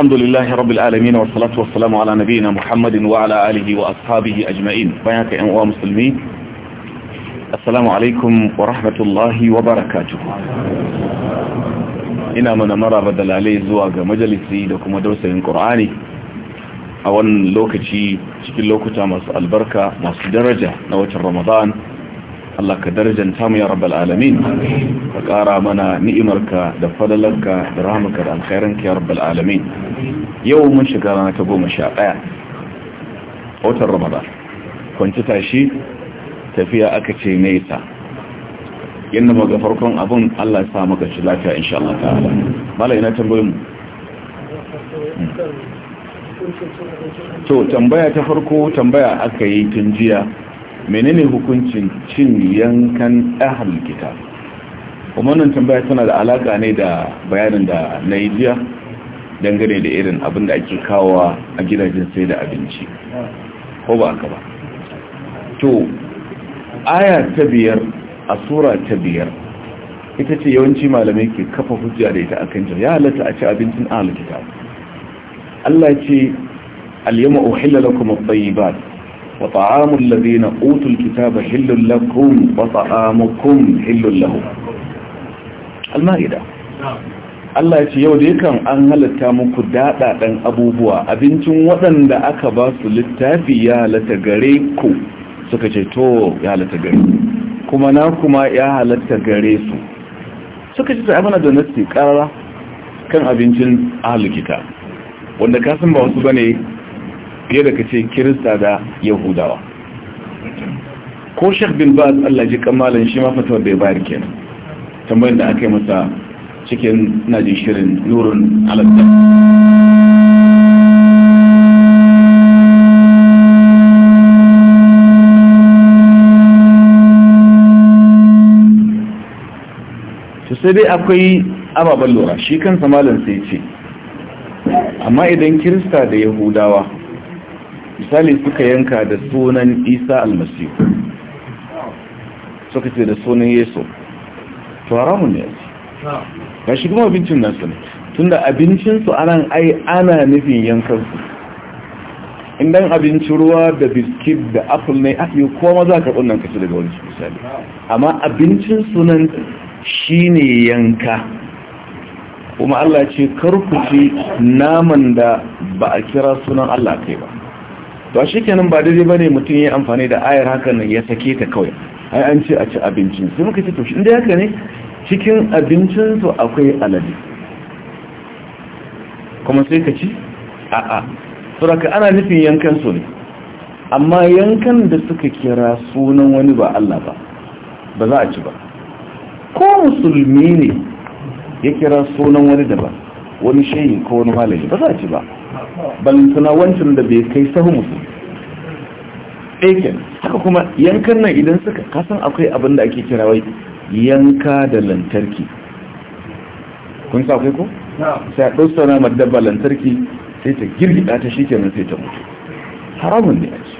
الحمد لله رب العالمين والصلاة والسلام على نبينا محمد وعلى آله وأصحابه أجمعين بياك أمواء مسلمين السلام عليكم ورحمة الله وبركاته إنا من مرى بدل عليه زواج مجلسي لكم دوسة القرآن أولا لوكتي شكل لوكتا مس البركة مس درجة نوة رمضان Allah ka darajanta mu ya rabbal alamin ka ƙara mana ni'imarka da fadalarka da rahamarka da alkhairanka ya rabbal alamin yau mun shiga rana ta goma sha ɗaya a watan ramadan kwanci tashi tafiya aka ce nesa yadda maga farkon abin Allah ya sa maka shi lafiya insha Allah ta'ala mala ina tambayin mu hmm. to tambaya ta farko tambaya aka yi tun jiya menene hukuncin cin yankan ahal kitab kuma wannan tambaya tana da alaka ne da bayanin da na jiya dangane da irin abin da ake kawo a gidajen sai da abinci ko ba haka ba to aya ta biyar a sura ta biyar ita ce yawanci malamai ke kafa hujja da ita akan jira ya halatta a ci abincin ahal kitab Allah ce al-yawma uhilla lakum at-tayyibat وطعام الذين أوتوا الكتاب حل لكم وطعامكم حل لهم المائدة Allah ya ce yau da kan an halatta muku daɗaɗen abubuwa abincin waɗanda aka ba su littafi ya halatta gare ku suka ce to ya halatta gare kuma na kuma ya halatta gare su suka ce ta mana da nasi ƙarara kan abincin ahalikita wanda kasan ba wasu bane fiye da kace kirista da yahudawa ko shek bin baz Allah ji shi ma fatawar bai ya bayar kenan tambayar da aka yi masa cikin najin shirin nurun alatta sai dai akwai ababen lura shi kansa malam sai ce amma idan kirista da yahudawa misali suka yanka da sunan isa almasihu suka ce da sunan yesu to haramun ne ga shi kuma abincin nasu ne tunda abincinsu anan ai ana nufin yankansu indan abincin ruwa da biskit da apple ne a ah, yi koma za ka tsunan kasu daga wani misali amma abincin sunan shi ne yanka kuma Allah ce karku ci naman da ba a kira sunan Allah kai ba to shi kenan ba daidai bane mutum ya yi amfani da ayar haka nan ya sake ta kawai ai an ce a ci abincin sai muka ce to inda haka ne cikin abincin su akwai alade kuma sai ka ci a'a suraka ana nufin yankan su ne amma yankan da suka kira sunan wani ba Allah ba ba za a ci ba ko musulmi ne ya kira sunan wani da ba wani shayi ko wani malami ba za a ci ba balintuna wancan da bai kai sahun musu ɗaiken eh haka kuma yankan nan idan suka kasan akwai abin da ake kira wai yanka da lantarki kun sa akwai ko? sai a ɗosta na madaba lantarki sai ta girgida ta shi kenan sai ta mutu haramun ne a ce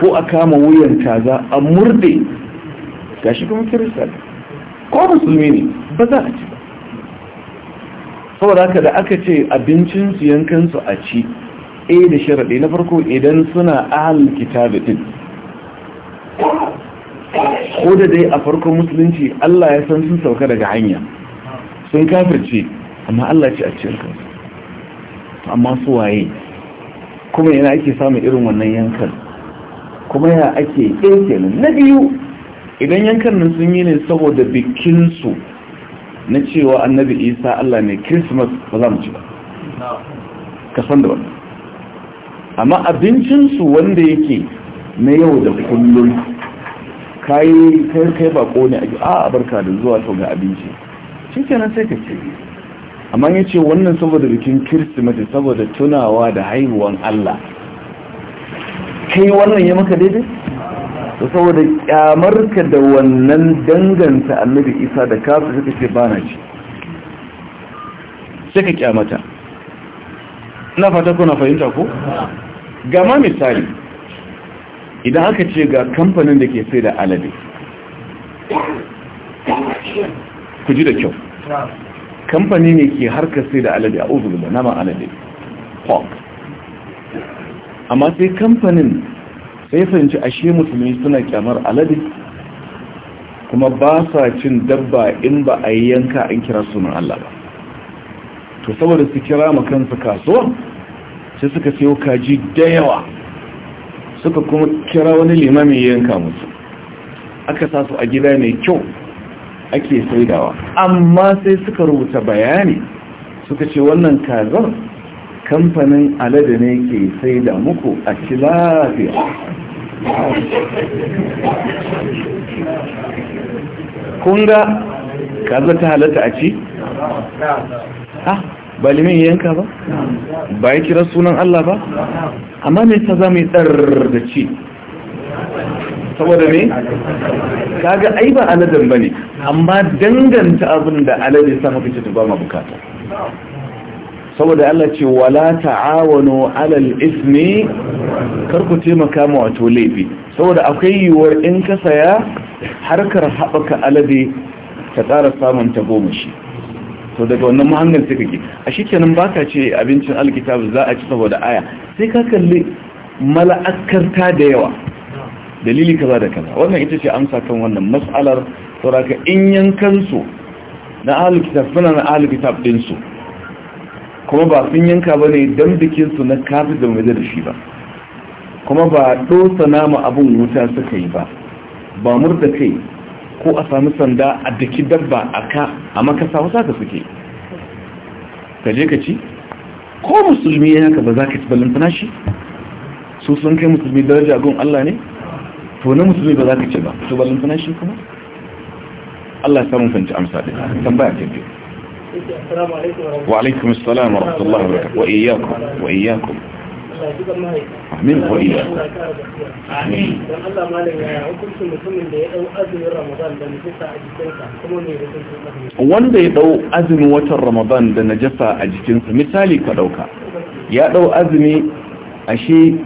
ko a kama wuyan kaza a murde Ga shi kuma kirista ko musulmi ne ba za a ci ba saboda haka da aka ce abincin abincinsu yankansu a ci a da sharaɗe na farko idan suna ahal kitabitin ko da dai a farkon musulunci Allah ya san sun sauka daga hanya sun kafirce amma Allah ce a cikin amma su waye kuma yana ake samun irin wannan yankan kuma ya ake ɗaya kenan na biyu idan yankan nan sun yi ne saboda bikinsu na cewa annabi isa allah ne christmas ba za mu ci ba ka san da wani amma abincinsu wanda yake na yau da kullum kai kai bako ne a barka da zuwa sau ga abinci shi nan sai ka ce amma ya ce wannan saboda bikin kirsimeti saboda tunawa da haihuwan allah kai wannan ya maka daidai to saboda kyamarka da wannan danganta annabi isa da kafin suka ce na ce sai ka kyamata na fata kuna fahimta ko gama misali idan aka ce ga kamfanin da ke sai da alade ku ji da kyau kamfani ne ke harkar sai da alade a uzurba naman alade pork amma sai kamfanin sai fahimci ashe musulmi suna kyamar alade kuma ba sa cin dabba in ba a yi yanka an kira sunan Allah ba to saboda su kira ma kansu kasuwa sai suka sayo kaji da yawa suka kuma kira wani limamin yanka musu aka sa su a gida mai kyau ake saidawa amma sai suka rubuta bayani suka ce wannan kazar kamfanin alada ne ke sai da muku a ci lafiya kunga kaza ta halatta a ci? ha ba min yanka ba? ba ya kira sunan Allah ba? amma mai ta za mai tsar da ci saboda ne? kaga ai ba aladen ba ne amma danganta abin da alade sa mafi ci ba ma bukata saboda Allah ce wala ta'awanu alal ismi karku taimaka ma wato laifi saboda akwai yiwuwar in ka saya harkar haɓaka alade ta tsara samun ta goma shi. to daga wannan mahangar sai kake a shikenan baka ce abincin alkitab za a ci saboda aya sai ka kalli mala'akarta da yawa dalili kaza da kaza wannan ita ce amsa kan wannan mas'alar saboda in yankansu na alkitab suna na alkitab su kuma ba sun yanka ba ne don bikinsu na kafi da mai da shi ba kuma ba dosa nama abin wuta suka yi ba ba murda kai ko a sami sanda a daki dabba a ka a makasa wasa ka suke ka je ka ci ko musulmi ya yaka ba za ka ci balantana shi su sun kai musulmi daraja gun Allah ne to na musulmi ba za ka ci ba to balantana shi kuma Allah ya samun fanci amsa da tambaya ta biyu wa alaikum assalam wa wa barakatuh wa iyyakum amin da a wanda ya dau azumin watan Ramadan da najasa a jikinsa misali ka dauka ya dau azumi ashe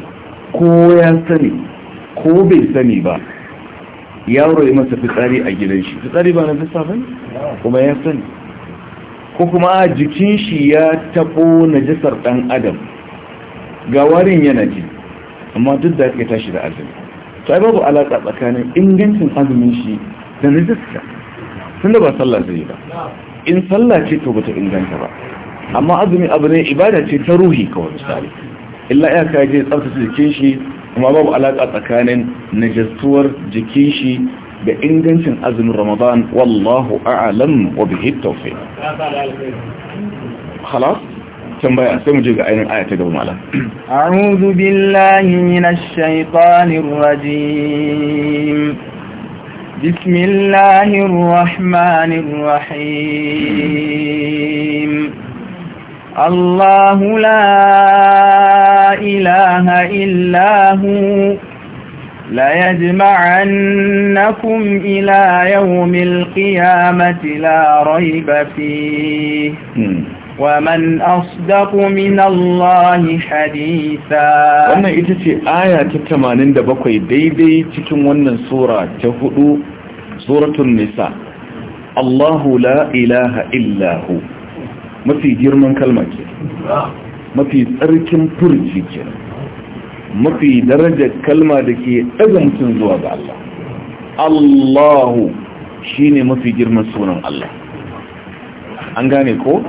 ko ya sani ko bai sani ba yaro ya masa fitsari a gidan shi fitsari ba na fisa ba kuma ya sani ko kuma jikin shi ya taɓo najisar ɗan adam ga warin yana ji amma duk da ya tashi da azumi to ai babu alaƙa tsakanin ingancin azumin shi da najisar tun da ba sallah zai ba in sallah ce to bata inganta ba amma azumi abu ne ibada ce ta ruhi kawai misali illa ya kaje tsaftace jikin shi amma babu alaƙa tsakanin najisuwar jikin shi بإنجنسن أزم رمضان والله أعلم وبه التوفيق خلاص ثم خلاص تنبيه سمجد الآية قبل معلا أعوذ بالله من الشيطان الرجيم بسم الله الرحمن الرحيم الله لا إله إلا هو ليجمعنكم إلى يوم القيامة لا ريب فيه ومن أصدق من الله حديثا وانا اتتي آية تتمانين دبقوي ديدي تكون وانا سورة تهدو سورة النساء الله لا إله إلا هو ما في جرمان كلمة ما في تركم فرجي جرمان mafi darajar kalma da ke ɗaga mutum zuwa ga Allah Allahu ne mafi girman sunan Allah an gane ko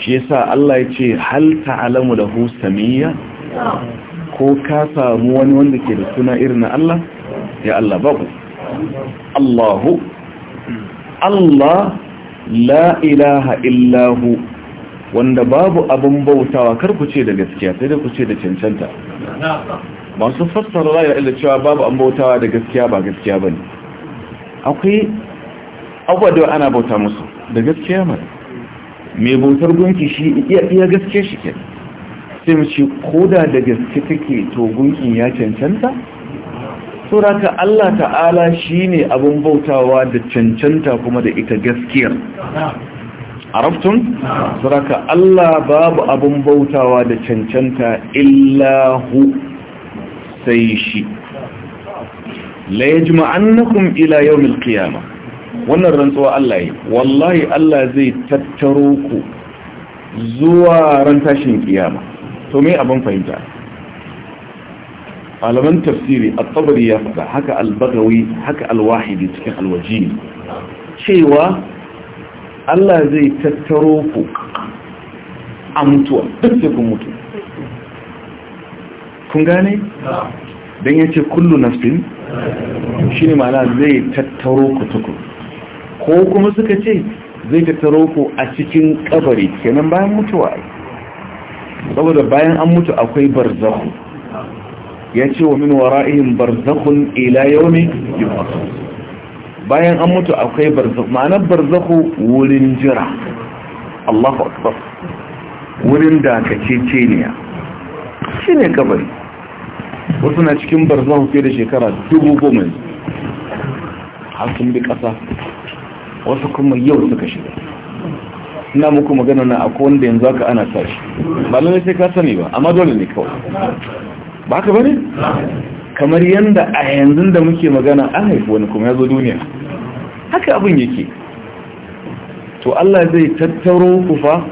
shi yasa Allah ya ce hal da da samiyya ko ka samu wani wanda ke da suna irin na Allah ya Allah babu Allahu Allah la ilaha illahu wanda babu abin bautawa kar ku ce da gaskiya sai da ku ce da cancanta masu fassara raya illa cewa babu an bautawa da gaskiya ba gaskiya ba ne akwai abuwa da ana bauta musu da gaskiya ba mai bautar gunki shi iya gaske shi ke sai mu ce koda da gaske take to gunkin ya cancanta ka Allah ta'ala shi ne abin bautawa da cancanta kuma da ita gaskiyar arabtun saraka Allah babu abun bautawa da cancanta illahu sai shi la yajma'annakum ila yawmil qiyamah wannan rantsuwa Allah yi wallahi Allah zai tattaro ku zuwa ran tashin kiyama to me abun fahimta alaman tafsiri at-tabari ya faɗa haka al haka al-wahidi cikin al cewa Allah zai tattaro ku a mutuwa duk da kun mutu kun gane? don ya ce kullu nafsin shi ne ma'ana zai tattaro ku tukur ko kuma suka ce zai tattaro ku a cikin kabari kenan bayan mutuwa saboda bayan an mutu akwai barzahu ya ce wa min wara'ihim barzakhun ila yawmi yub'athun bayan an mutu akwai barzakhu ma'anar barzakhu wurin jira Allahu akbar wurin da Shi shine kabari wasu na cikin barzakhu fiye da shekara dubu goma har sun bi kasa wasu kuma yau suka shiga ina muku magana na akwai wanda yanzu haka ana tashi ba lalle sai ka sani ba amma dole ne kawai ba ka bane kamar yadda a yanzu da muke magana an haifi wani kuma ya zo duniya haka abin yake to Allah zai tattaro ku fa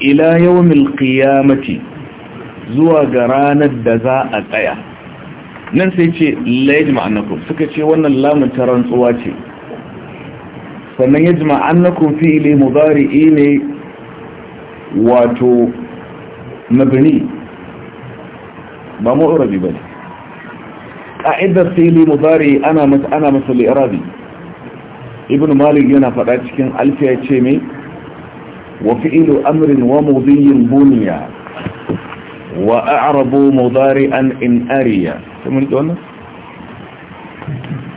ila yawmil qiyamati zuwa ga ranar da za a tsaya nan sai ce laid ma'annakum suka ce wannan lamun ta rantsuwa ce sannan ya jima annakum fi'li mudari'i ne wato mabni ba mu'rabi bane ƙa'idar fili mubari ana masa ana masa li'rabi ibn malik yana faɗa cikin alfiya ce mai wa fi'ilu amrin wa mudhiyin buniya wa a'rabu mudari'an in ariya kuma da wannan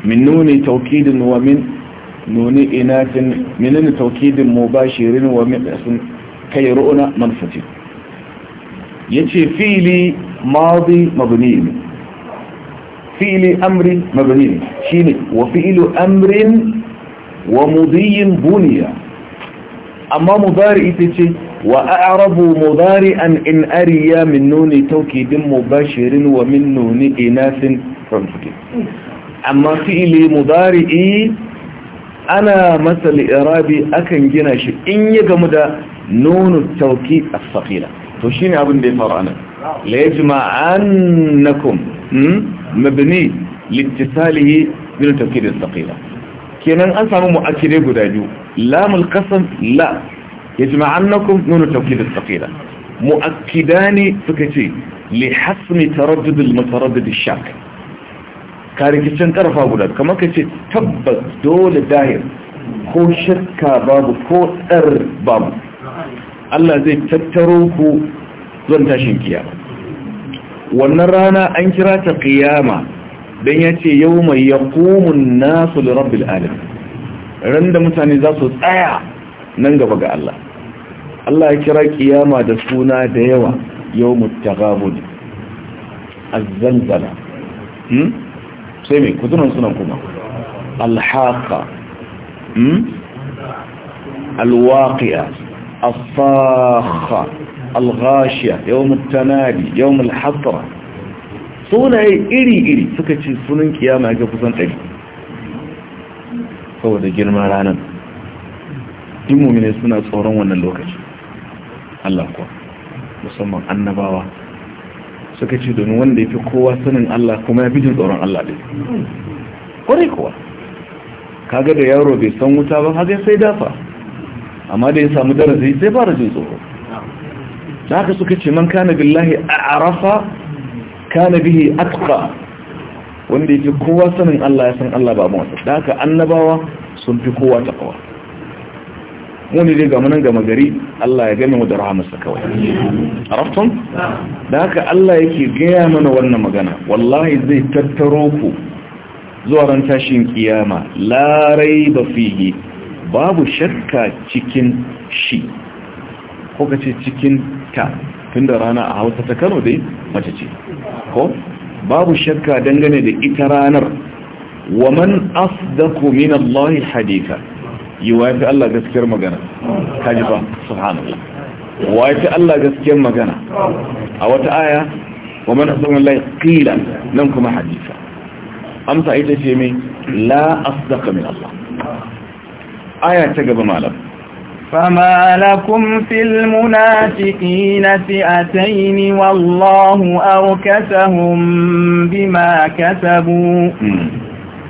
min nuni tawkidin wa min nuni inatin min nuni tawkidin mubashirin wa min asin kai ru'na manfati yace fi'li madi mabni fi'ili amrin mabni shine wa fi'ilu amrin wa mudiyin buniya amma mudari ita ce wa a'rabu mudari'an in ariya min nuni tawkidin mubashirin wa min nuni inasin from amma fi'ili mudari'i ana masa li'irabi akan gina shi in ya gamu da nunu tawkid as-saqila to shine abin da ya faru anan la yajma'annakum Hmm? mabni littisalihi min tawkid al kenan an samu mu'akkide guda biyu lamul qasam la yajma'annakum min tawkid al-thaqila ne suka ce li hasmi taraddud al-mutaraddid ash-shak karikicin karfa guda kamar kace tabbas dole dahir ko shakka babu ko dar babu Allah zai tattaro ku zan tashin kiyama wannan rana an kira ta ce yau mai yawma yaqumun nasu da rabbil alamin ran da mutane za su tsaya nan gaba ga Allah Allah ya kira kiyama da suna da yawa yau taghabun az-zalzala hmm sai me kudunan sunan kuma Alhaka. Alwaƙiya. hmm al-ghashiya yawmut tanabi yawmul hasra sunaye iri-iri suka ce sunan kiyama ga kusan ɗari saboda girman ranar duk suna tsoron wannan lokaci Allah kuwa musamman annabawa suka ce domin wanda ya fi kowa sanin Allah kuma ya fi jin tsoron Allah ɗai ƙwarai kuwa kaga da yaro bai san wuta ba haka sai dafa amma da ya samu darasi sai fara jin tsoro da haka suka ce man kana billahi a arafa kana bihi atqa wanda yake kowa sanin Allah ya san Allah ba mawata da haka annabawa sun fi kowa taqwa wani dai ga nan gama gari Allah ya gane mu da rahamarsa kawai arafton da haka Allah yake gaya mana wannan magana wallahi zai tattaro ku zuwa ran tashin kiyama larai ba fihi babu shakka cikin shi ko ka ce cikin ta tun da rana a hausa ta kano dai mace ce ko babu shakka dangane da ita ranar wa man asdaku min Allah haditha yafi Allah gaskiyar magana kaji ba subhanallah yafi Allah gaskiyar magana a wata aya wa man asdaku min Allah qila nan kuma haditha amsa ita ce me la asdaku min Allah aya ta gaba malam فما لكم في المنافقين فئتين والله أركسهم بما كسبوا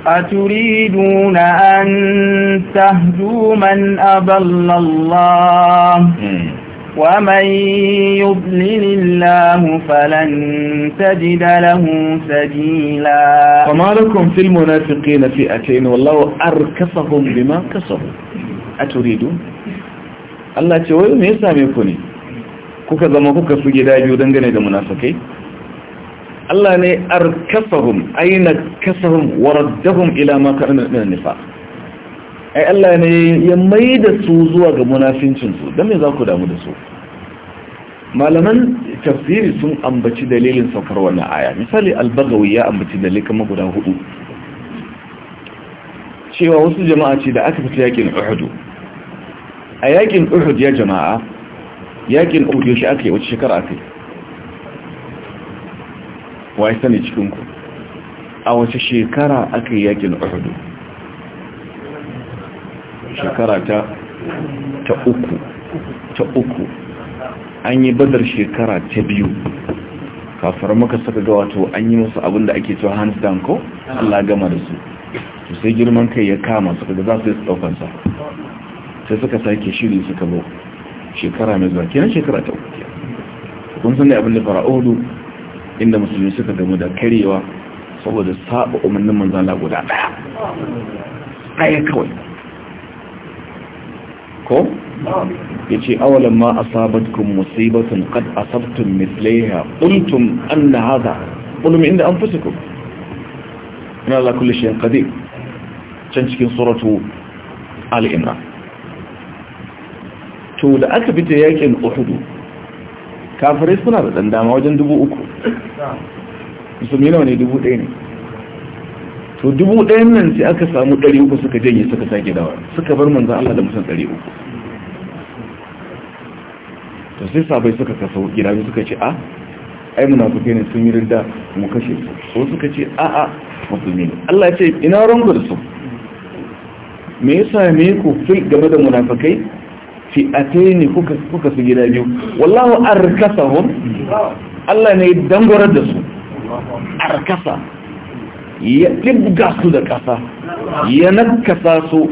أتريدون أن تهدوا من أضل الله ومن يضلل الله فلن تجد له سبيلا فما لكم في المنافقين فئتين والله أركسهم بما كسبوا أتريدون Allah ce wai me ya same ku ne kuka zama kuka su gida biyu dangane da munafikai Allah ne arkasahum aina kasahum waraddahum ila ma kana min nifaq ai Allah ne ya maida su zuwa ga munafincin su dan me za ku damu da su malaman tafsiri sun ambaci dalilin saukar wannan aya misali al-bagawi ya ambaci dalilin kamar guda hudu cewa wasu jama'a ce da aka fita yakin Uhud a yakin uhud ya jama'a yakin uhud yaushe aka yi wacce shekara aka yi wa ya sani cikinku a wace shekara aka yi yakin uhud shekara ta ta uku ta uku an yi badar shekara ta biyu kafar maka saka ga wato an yi musu abinda ake cewa hands down ko Allah gama da su sai girman kai ya kama suka ga za su yi su daukansa sai suka sake shiri suka zo shekara mai zuwa kenan shekara ta uku kun san da abin da fara'udu inda musulmi suka gamu da karyewa saboda saba umarnin manzala guda daya daya kawai ko ya ce awalan ma asabatkum musibatun qad asabtum mithlaiha qultum anna hadha qul min inda anfusikum inna la kulli shay'in qadir can cikin suratu al-imran to da aka fita yakin uhudu kafirai suna da dan dama wajen dubu uku musulmi nawa ne dubu ɗaya ne to dubu ɗayan nan sai aka samu ɗari uku suka janye suka sake dawa suka bar manzan Allah da musan ɗari uku to sai sabai suka kaso gida suka ce a ai muna kuke ne sun yi rinda mu kashe su ko suka ce a a musulmi ne Allah ce ina rango da su me yasa ne ku fil game da munafikai fi'ataini kuka kuka su gida biyu wallahu arkasahum Allah ne dangorar da su arkasa ya dibga su da ƙasa, ya nakasa su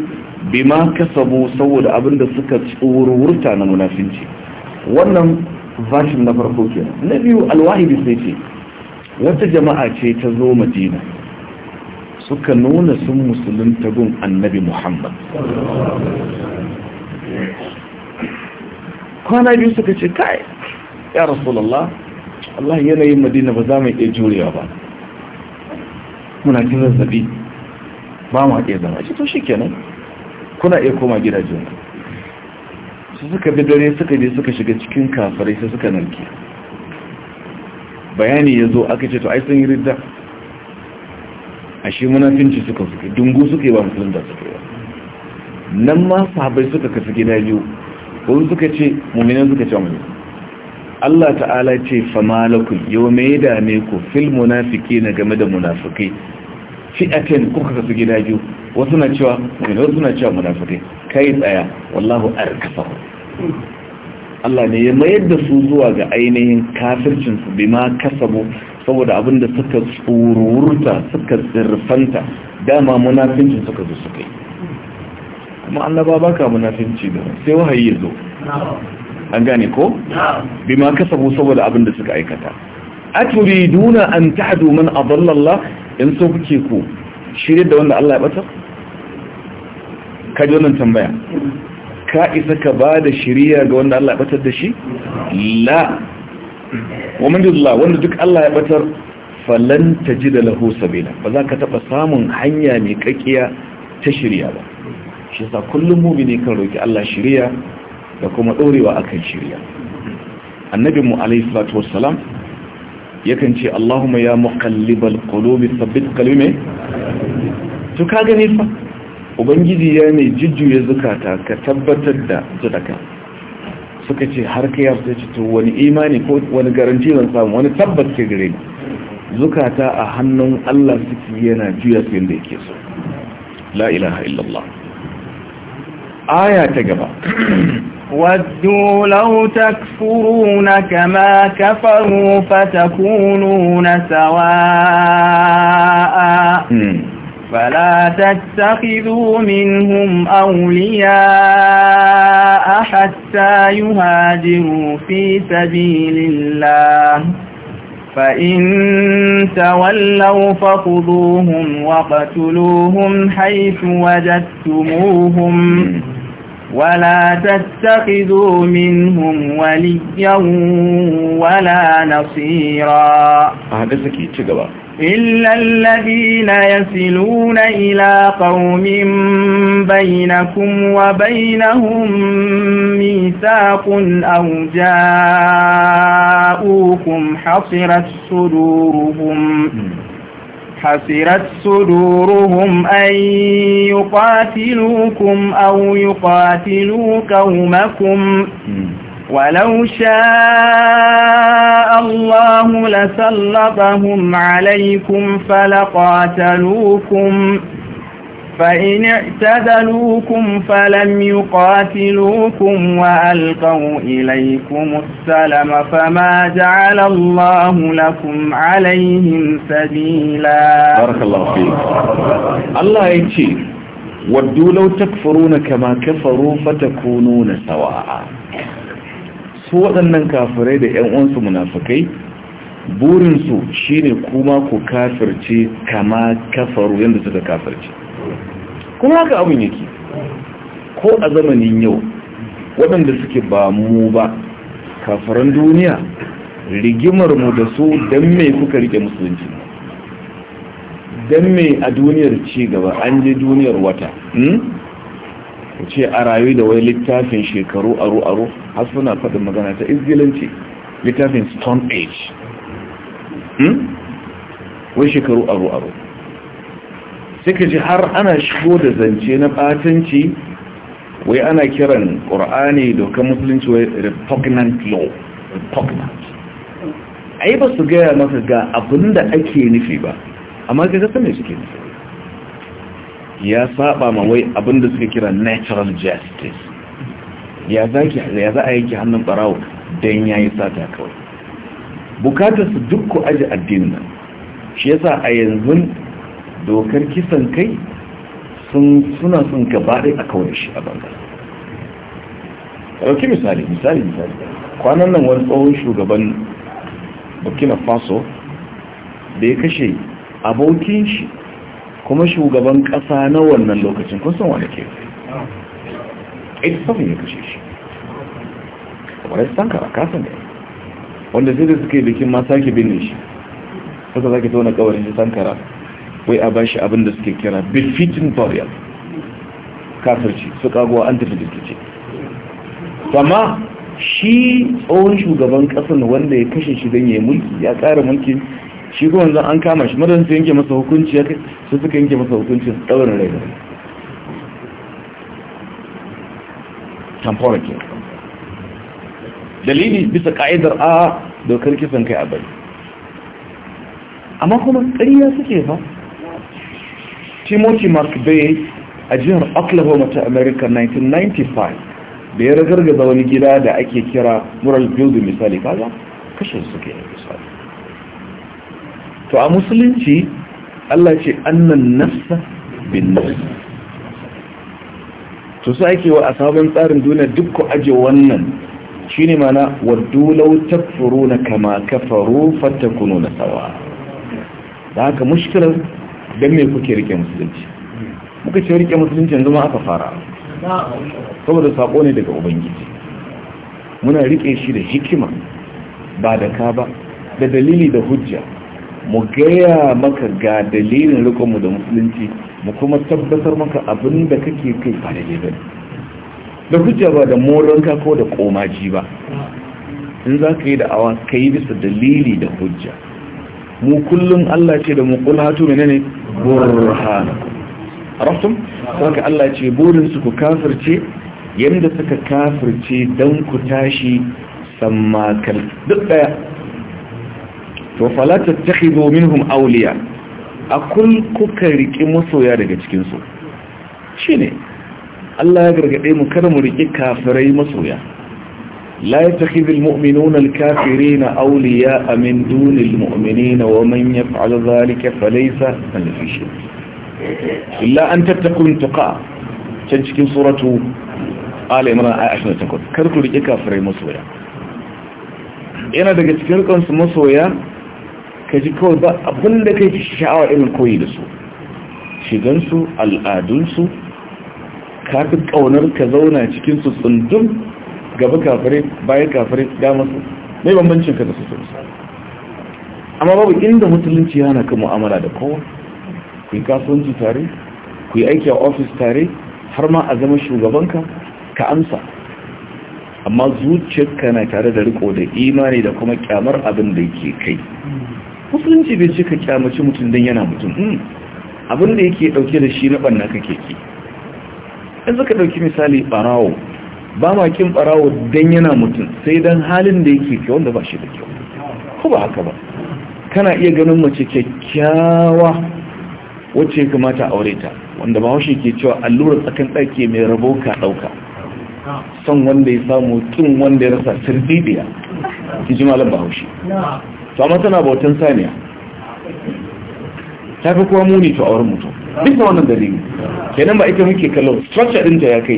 bima kasabu saboda abinda suka tsururta na munafinci wannan version na farko kenan na biyu alwahidi sai ce wata jama'a ce ta zo madina suka nuna sun musulunta tagun annabi muhammad kwana biyu suka ce kai ya rasulallah Allah yanayin madina ba za mu iya jurewa ba muna cin zazzabi ba mu haƙe zama shi to shi kenan kuna iya koma gidajen su suka bi dare suka je suka shiga cikin kafarai sai suka narki bayani ya zo aka ce to ai sun yi ridda a shi finci suka suke dungu suke ba musulun da suke ba nan ma sahabai suka kasu gida biyu Wani suka ce mummina suka ce muminan Allah ta'ala ce fama lakum yau mai ya dame ku fil munafiki na game da munafikai fi'atin kuka kasu gida biyu wasu na cewa mummina wasu na cewa munafiki kai tsaya wallahu arkafa Allah ne ya mayar da su zuwa ga ainihin kafircin su bima kasabu saboda abinda suka tsururta suka tsirfanta dama munafincin suka zo suka yi kuma Allah ba baka munafinci da sai wahayi ya zo an gane ko? bi ma kasabu saboda abin da suka aikata aturiduna duna an tahdu man adallallah in so kuke ku shirye da wanda Allah ya bata? ka ji wannan tambaya ka isa ka ba da shiriya ga wanda Allah ya batar da shi? la wa man yudla wanda duk Allah ya batar falan tajida lahu sabila ba za ka taba samun hanya mai kakkiya ta shirya ba shi sa kullum mumini kan roki Allah shiriya da kuma a akan shiriya annabi mu alayhi salatu wassalam yakan ce Allahumma ya muqallibal qulubi thabbit qalbi to ka gani fa ubangiji ya ne jujjuya zukata ka tabbatar da zukata suka ce har ka yarda ce to wani imani ko wani garanti zan samu wani tabbas ke gare ni zukata a hannun Allah suke yana juya su yadda yake so la ilaha illallah آية تقبى ودوا لو تكفرون كما كفروا فتكونون سواء فلا تتخذوا منهم أولياء حتى يهاجروا في سبيل الله فإن تولوا فخذوهم وقتلوهم حيث وجدتموهم ولا تتخذوا منهم وليا ولا نصيرا هذا سكي تشغبا إلا الذين يسلون إلى قوم بينكم وبينهم ميثاق أو جاءوكم حصرت صدورهم حصرت صدورهم أن يقاتلوكم أو يقاتلوا قومكم ولو شاء الله لسلطهم عليكم فلقاتلوكم فإن اعتذلوكم فلم يقاتلوكم وألقوا إليكم السلم فما جعل الله لكم عليهم سبيلا بارك الله فيك الله يتشير ودوا لو تكفرون كما كفروا فتكونون سواء su waɗannan kafirai da ‘yan uwansu munafukai burinsu shi ne kuma ku kafirce kama kafaru yadda suka kafirce kuma haka abin yake ko a zamanin yau waɗanda suke ba mu ba kafaran duniya rigimar mu da su don mai kuka rike musulunci don mai a duniyar ci gaba an je duniyar wata hmm? ku ce a rayu da wai littafin shekaru aru-aru, har suna faɗin magana ta izgilanci littafin stone age hmm? wai shekaru aru-aru. sai ka ji har ana shigo da zance na batanci wai ana kiran ƙur'ani dokar musulunci wai repugnant law repugnant ai ba su gaya maka ga abin da ake nufi ba amma ga zafi ne suke nufi ya saba ma wai abinda suka kira natural justice ya za a yanki hannun barawo don ya yi sata kawai bukatar su duk ku aji addinin nan shi yasa a yanzu dokar kisan kai suna sun gabaɗe a kawai shi a bangare ɗauki misali misali misali kwanan nan wani tsohon shugaban burkina faso da ya kashe abokin shi kuma shugaban ƙasa na wannan lokacin kun san wani ke ita safin ya kashe shi kwarai su tanka a kasan da wanda sai da suke bikin ma sake binne shi suka sake tona kawarin shi Sankara wai a bashi abin da suke kira befitting burial kafirci su kagowa an tafi jirkice amma shi tsohon shugaban kasan wanda ya kashe shi don ya mulki ya tsara mulki. shi kuma zan an kama shi madan su yanke masa hukunci ya su suka yanke masa hukunci su ɗaurin rai da ke dalili bisa ka'idar a dokar kisan kai a bari amma kuma ƙariya suke ba timothy mark bay a jihar oklahoma ta america 1995 da ya ragargaza wani gida da ake kira mural building misali kaza kashin suke misali to a musulunci Allah ce annan nafsa bin nafsa to su ake wa a sabon tsarin duniya duk ku aje wannan shine mana ta furu na kama kafaru na sawa da haka mushkilar da me kuke rike musulunci muka ce rike musulunci yanzu ma aka fara saboda sako ne daga ubangiji muna rike shi da hikima ba da ka ba da dalili da hujja mu gaya maka ga dalilin rikonmu da musulunci mu kuma tabbatar maka abin da kake kai ba daidai da hujja ba da moronka ko da komaji ba in za ka yi da'awa ka yi bisa dalili da hujja mu kullum Allah ce da mu kul hatu nane burhan araftum saka Allah ce burin su ku kafirce yanda suka kafirce dan ku tashi sammakal duk daya to falata ta hizo minhum auliya a kun kuka riƙi masoya daga cikinsu shi ne Allah ya gargaɗe mu kada mu riƙi kafirai masoya la ya ta hizil mu'minuna na auliya a min dunil na wa man ya fa'al zalika falaisa alfishi illa an tattakun tuka can cikin suratu ala imran ayat 28 kar ku riƙi kafirai masoya yana daga cikin rikonsu masoya ka ji kawai ba abin da kai sha'awa irin koyi da su shigansu al'adunsu kafin ƙaunar ka zauna cikin su gaba kafare bayan kafare dama su mai bambancin ka da su sosai amma babu inda musulunci yana ka mu'amala da kowa ku yi kasuwanci tare ku yi aiki a ofis tare har ma a zama shugabanka ka amsa amma zuciyarka na tare da riko da imani da kuma kyamar abin da yake kai musulunci bai ce ka kyamaci mutum don yana mutum hmm. abin da yake dauke da shi na banna kake ki in suka dauki misali barawo ba makin barawo don yana mutum sai don halin da yake kyau wanda ba shi da kyau ko ba haka ba kana iya ganin mace kyakkyawa wacce ya kamata aure ta wanda ba washe ke cewa allurar tsakan ɗaki mai rabo ka ɗauka son wanda ya samu tun wanda ya rasa sirdidiya ki ji malam ba washe to amma tana bautan saniya ta fi kowa muni ta auren mutum duk da wannan dalili kenan ba ita muke kallon structure ɗinta ya kai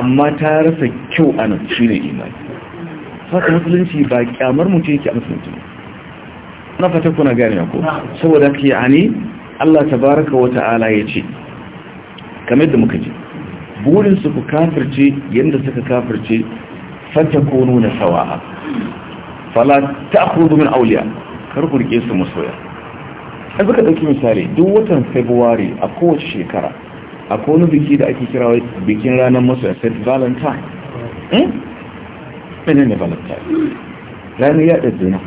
amma ta rasa kyau a nan shi ne imani saka musulunci ba kyamar mutum yake a musulunci na fata kuna gane ko saboda ke ani Allah baraka wa ta'ala ya ce kamar da muka ji burinsu ku kafirce yadda suka kafirce fata kono na sawa'a fala ta'khudhu min awliya kar ku rike su masoya an suka dauki misali duk watan february a kowace shekara akwai wani biki da ake kira bikin ranar masoya St. valentine hmm? eh ne valentine ranar yada zina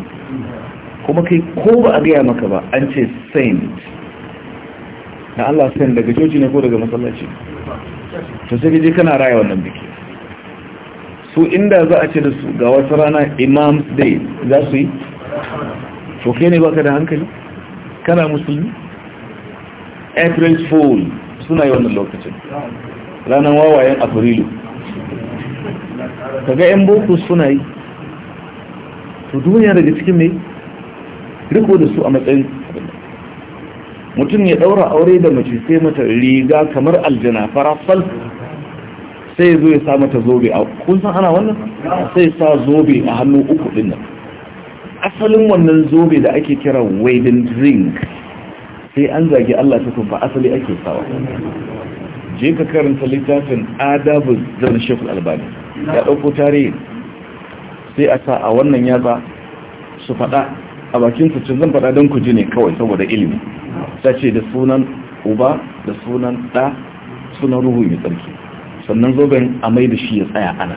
kuma kai ko ba a gaya maka ba an ce saint na Allah saint daga coci ne ko daga masallaci to sai je kana raya wannan biki su inda za a ce da su ga wata rana imam day za su yi to kai ne baka da hankali kana musulmi april fool suna yi wannan lokacin ranar wawayen afrilu ga yan boko suna yi Su duniya daga cikin mai riko da su a matsayin mutum ya daura aure da mace sai mata riga kamar aljana farafal sai zo ya sa mata zobe a kun san ana wannan sai sa zobe a hannu uku din asalin wannan zobe da ake kira wedding ring sai an zagi Allah ta ba asali ake sawa je ka karanta littafin adabu zan shekul albani ya dauko tarihi sai a sa a wannan yatsa su fada a bakin su cin zan fada don ku ji ne kawai saboda ilimi ta ce da sunan uba da sunan da sunan ruhu mai tsarki sannan zoben a mai da shi ya tsaya ana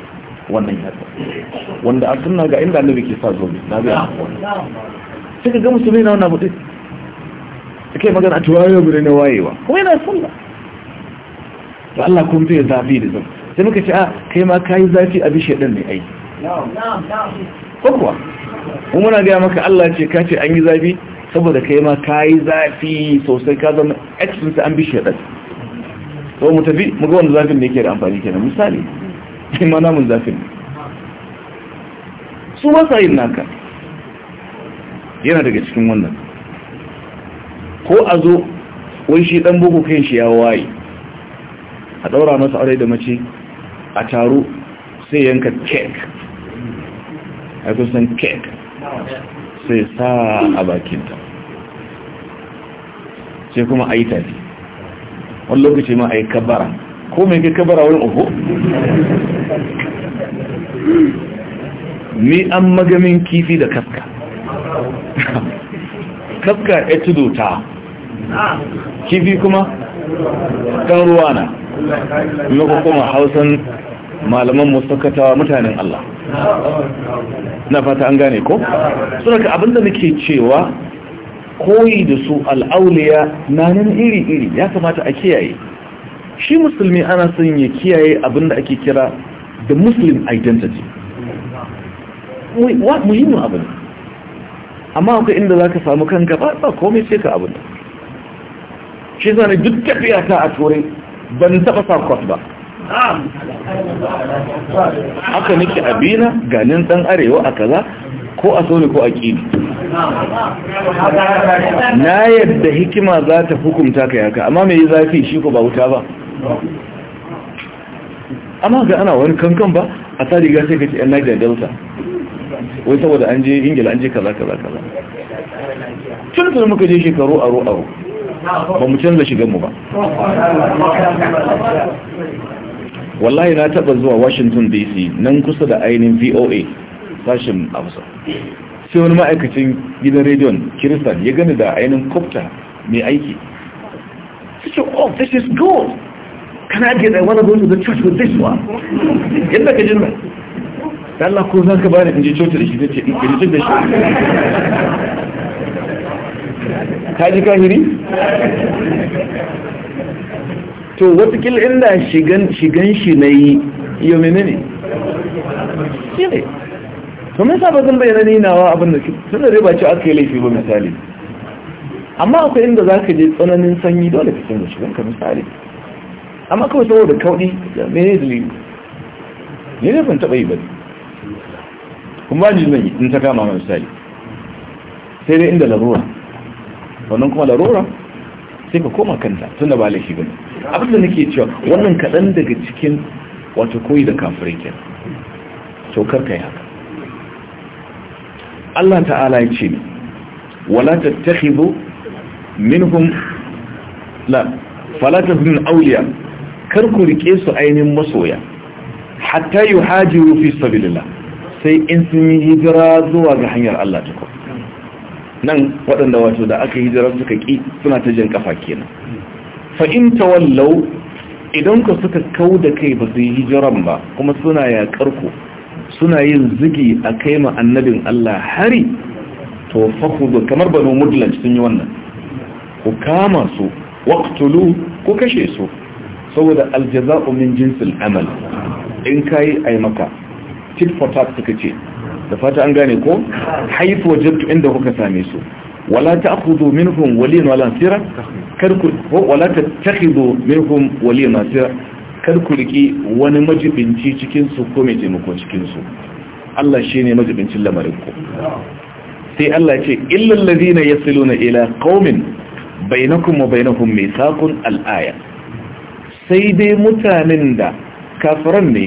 wannan ya wanda a suna ga inda annabi ke sa zobe na zai abuwa suka ga musulmi na wannan abu ɗin suka yi magana a tuwaye abu na wayewa kuma yana sunna To Allah kuma zai zafi da zan sai muka ce a ah, kai ma kayi zafi a bishe ɗin mai aiki? ko kuwa kuma muna gaya maka Allah ce ka ce an yi zafi saboda kai ma kayi zafi sosai ka zama extra an bishe ɗin to mu tafi mu ga wanda zafin da yake da amfani kenan misali shi ma namun zafin su ba sa yin naka yana daga cikin wannan ko a zo wani shi dan boko kan shi ya waye a daura masa aure da mace a taro sai yanka kek a kusan kek sai sa a bakinta sai kuma a yi tafi wani lokaci ma a yi kabara ko mai kai kabara wani uku ni an magamin kifi da kaska kaska ya tudu ta kifi kuma kan ruwa na maka kuma hausan malaman musakatawa mutanen Allah na fata an gane ko? suna ka abinda nake cewa koyi da su al'auliya na nan iri-iri ya kamata a kiyaye shi musulmi ana son ya kiyaye abinda da ake kira the muslim identity muhimmin abin amma akwai inda za ka samu kan gaba ba komai ce ka abin shi zane duk tafiya ta a turai ban taɓa sa kwas ba haka nake abina ganin ɗan arewa a kaza ko a so ne ko a ƙini na yadda hikima za ta hukumta ka yaka amma mai zafi shi ko ba wuta ba amma ga ana wani kankan ba a tsari riga sai ka yan niger delta wai saboda an je ingila an je kaza kaza kaza tun da muka je shekaru aro aro ba mu canza shiganmu ba wallahi na taba zuwa washington dc nan kusa da ainihin voa sashen amsa sai wani ma'aikacin gidan rediyon kiristan ya gani da ainihin kofta mai aiki suke oh this is good can I get I want to go to the church with this one yadda ka jirma da Allah ko zan ka bani in je coci da shi zai ce in kiri da shi ka ji kahiri to watakila inda shigan shi na yi yau menene shi ne to me yasa ba zan bayyana ni nawa abin da tunda dai ba ci aka yi laifi ba misali amma akwai inda za ka je tsananin sanyi dole ka canza shigan ka misali amma kawai saboda kauɗi da mene dalili ne ne ban taɓa yi ba ba ji zan yi in ta kama ma misali sai dai inda larura wannan kuma larura sai ka koma kanta tunda ba laifi ba ne abin da nake cewa wannan kaɗan daga cikin wato koyi da kafirai kenan to karka yi haka Allah ta'ala ya ce wala tattakhidhu minhum la fala takhudun awliya kar ku rike su ainin masoya hatta yuhajiru fi sabilillah sai in sun yi hijira zuwa ga hanyar Allah ta nan waɗanda wato da aka hijira suka ƙi suna ta jin kafa kenan fa in tawallau idan ku suka kau da kai ba su yi hijiran ba kuma suna ya ku suna yin zigi a kai ma annabin Allah hari to fakhudhu kamar banu mudlaj sun yi wannan ku kama su waqtulu ku kashe su saboda aljaza'u min jinsil amal in kai ai maka tit for tat suka ce da fata an gane ko haifu wajabtu inda kuka same su wala ta'khudhu minhum waliyan wala nasira karku wala tattakhidhu minhum waliyan nasira kar ku riki wani majibinci cikin ko mai taimako cikin su Allah ne majibincin lamarin ku sai Allah ce illal ladina yasiluna ila qaumin bainakum wa bainahum mithaqun al-aya sai dai mutanen da kafiran ne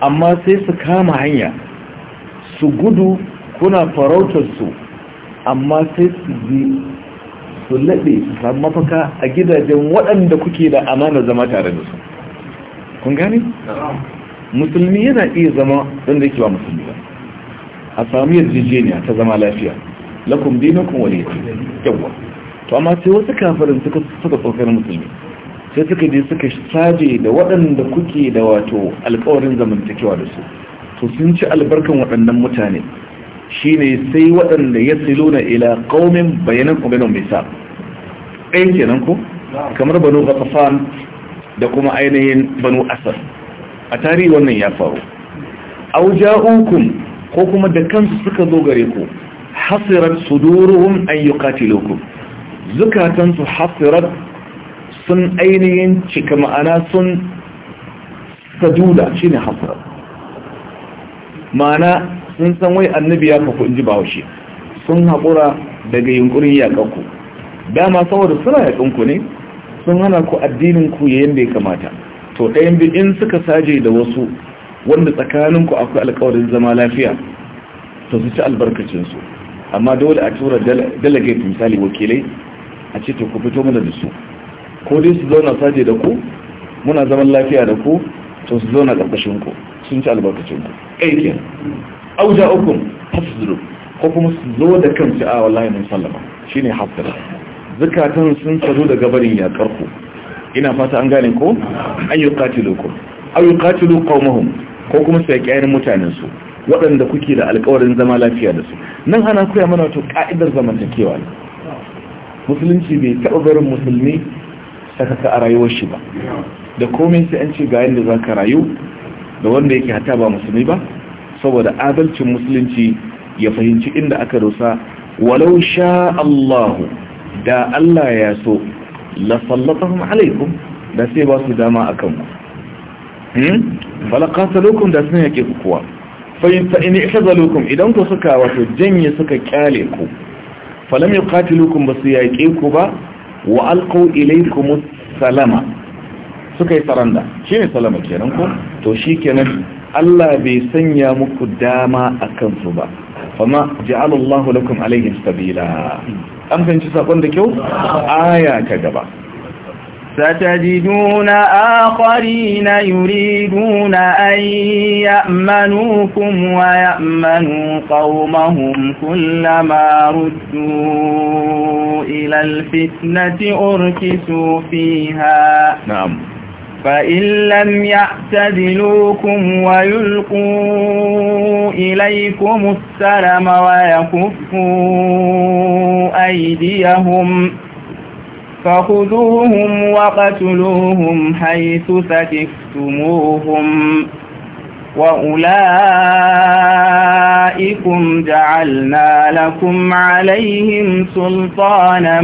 amma sai su kama hanya su gudu kuna farautar su amma sai su ji su lade su samu mafaka a gidajen waɗanda kuke da amana zama tare da su kun gane musulmi yana iya zama wanda yake ba musulmi ba a sami yarjejeniya ta zama lafiya lakum dinakum wa liyakum yawa to amma sai wasu kafirin suka suka tsokar musulmi sai suka je suka saje da waɗanda kuke da wato alƙawarin zamantakewa da su to sun ci albarkan waɗannan mutane shine sai waɗanda ya siluna ila qaumin bayanan ubainu bisa ɗayan kenan ko kamar banu ghafafan da kuma ainihin banu asar a tarihi wannan ya faru ja'ukum ko kuma da kansu suka zo gare ku hasirat suduruhum an yuqatilukum zukatansu hasirat sun ainihin cika ma'ana sun saduda shine hasirat ma'ana sun san wai annabi ya kafu inji bahaushe sun haƙura daga yunkurin yaƙanku dama saboda suna yaƙanku ne sun hana ku addinin ku yayin da ya kamata to ɗayan bi in suka saje da wasu wanda tsakanin ku akwai alƙawarin zama lafiya to su ci albarkacin su amma dole a tura delegate misali wakilai a ce to ku fito mana da su ko dai su zauna saje da ku muna zaman lafiya da ku to su zauna ƙarƙashin ku sun ci albarkacin ku aiki auja ukun hasdru ko kuma su zo da kansu a wallahi mun sallama shine hasdru zukatan sun tsaro daga barin yakar ku ina fata an gane ko an yi qatilukum aw ko kuma su yaki mutanen su waɗanda kuke da alƙawarin zama lafiya da su nan ana koya mana wato ka'idar zamantakewa ne musulunci bai taɓa barin musulmi sakaka a rayuwar shi ba da komai sai an ce ga yadda za ka rayu da wanda yake hata ba musulmi ba saboda adalcin musulunci ya fahimci inda aka rusa walau sha Allahu da Allah ya so la sallatahum alaikum da sai ba su dama hmm da sun yake ku kuwa idan ku suka wato janye suka kyale ku falam yake ku ba wa alqu ilaykum salama suka yi saranda salama kenan ku to Allah bai sanya muku dama a kansu ba fama ja'alallahu lakum alaihim sabila an fahimci sakon da kyau aya ta gaba satajiduna akharina yuriduna an ya'manukum wa ya'manu qawmahum kullama ruddu ila alfitnati urkisu fiha na'am فإن لم يعتدلوكم ويلقوا إليكم السلم ويكفوا أيديهم فخذوهم وقتلوهم حيث سكفتموهم وأولئكم جعلنا لكم عليهم سلطانا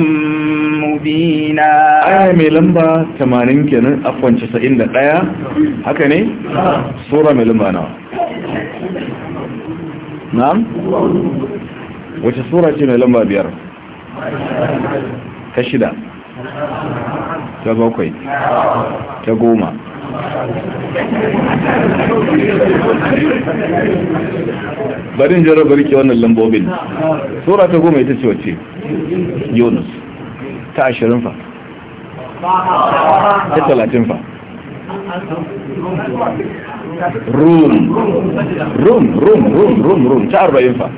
مبينا آية ملمبا 80 كنن أفوان 91 هكذا سورة ملمبا نعم na'am wace sura ce mai lamba biyar ta shida ta bakwai ta goma bari in jarraba rike wannan lambobin sura ta goma ita ce wace? yunus ta ashirin fa ta talatin fa rum rum rum rum rum rum ta arba'in fa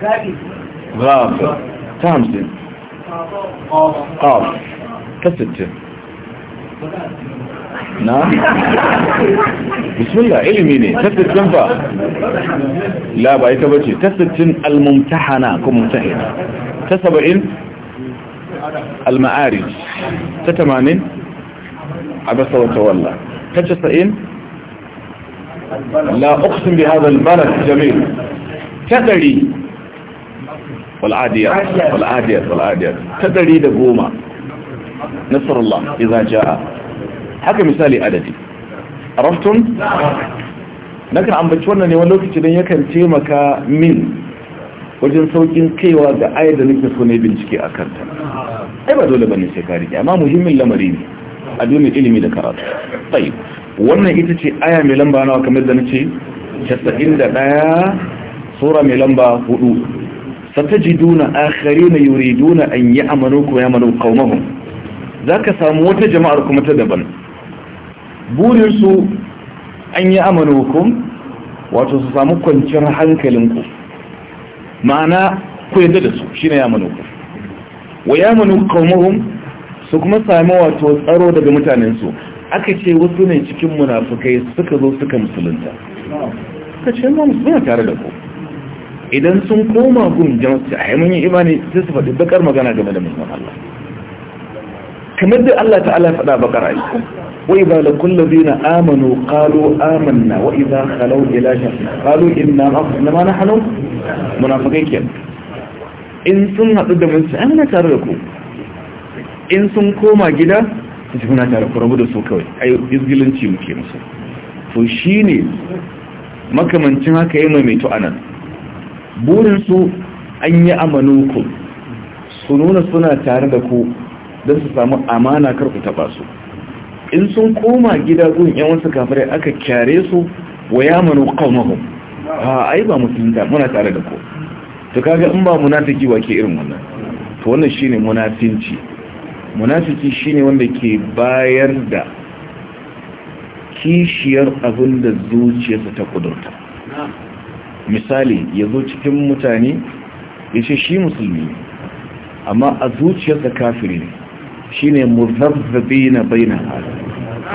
gafi ta hamsin قاف ta sittin na bismillah ilimi ne tasircin fa la ba ita bace tasircin al-mumtahana ko mumtahina ta 70 al-ma'arij ta 80 abasa wa tawalla ta 90 la uqsim bi hadha al-balad jamil ta 100 والعاديات والعاديات والعاديات تدري دقوما نصر الله إذا جاء haka misali adadi na kan ambaci wannan ne wani lokaci don yakan taimaka min wajen saukin kaiwa ga ayar da nake so ne bincike a kanta ai ba dole bane sai kariki amma muhimmin lamari ne a duniyar ilimi da karatu tsaye wannan ita ce aya mai lamba nawa kamar da nace 91 sura mai lamba 4 satajiduna akharina yuriduna an ya manu kaumahu. Za ka samu wata jama'ar kuma ta daban burinsu an yi amanokum wato su samu kwanciyar hankalinku ma'ana ku yadda da su shi ne ya amanokum wa ya amanu qaumuhum su kuma sami wato tsaro daga mutanensu aka ce wasu ne cikin munafukai suka zo suka musulunta suka ce ma musulunta tare da ku idan sun koma gun jama'a a yi yi imani sai su faɗi bakar magana game da musulman Allah kamar da Allah ta'ala faɗa bakar aiki وإذا لقوا الذين آمنوا قالوا آمنا وإذا خلوا إلى شفنا قالوا إنما نحن منافقين كيف in sun haɗu da mun sai muna tare da ku in sun koma gida su ci muna tare ku rabu da su kawai ai izgilanci muke musu to shine makamancin haka yi mai to anan burin su an yi amanu ku su nuna suna tare da ku don su samu amana kar ku taɓa su in sun koma gida zuwa yan wasu kafirai aka kyare su wa yamanu qaumahum a ai ba musulunta muna tare da ku to kaga in ba munafiki wa ke irin wannan to wannan shine munafinci munafiki shine wanda ke bayar da kishiyar abin da zuciyarsa ta kudurta misali ya zo cikin mutane ya ce shi musulmi amma a zuciyarsa kafiri ne shine na baina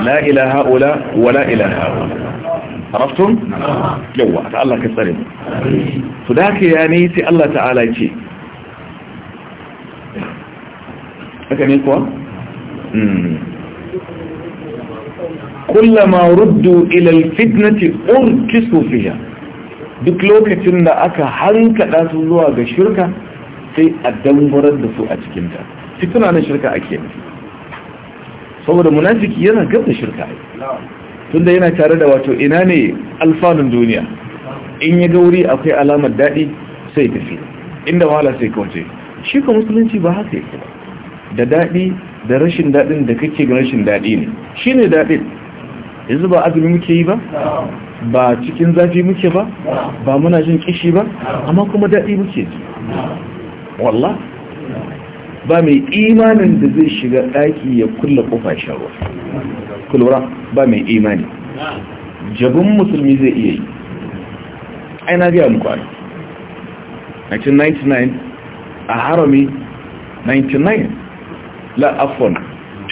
la ilaha ula wala ilaha ula عرفتم يوا الله كسرين فذاك يعني سي الله تعالى يجي فكان يقوى كلما ruddu ilal الفتنه urki فيها duk lokacin da aka hankada su zuwa ga shirka sai a dambarar da su a cikinta fituna na shirka ake saboda munafiki yana gab da shirka tunda yana tare da wato ina ne alfanun duniya in ya ga wuri akwai alamar daɗi sai tafi inda wahala sai kawace shi ka musulunci ba haka yake da daɗi da rashin daɗin da kake ga rashin daɗi ne shi ne daɗin yanzu ba azumi muke yi ba ba cikin zafi muke ba ba muna jin kishi ba amma kuma daɗi muke ji wallah ba mai imanin da zai shiga daki ya kulle kofa shan ruwa kulura ba mai imani jabin musulmi zai iya yi ai na gaya muku ai 1999 a harami 99 la afon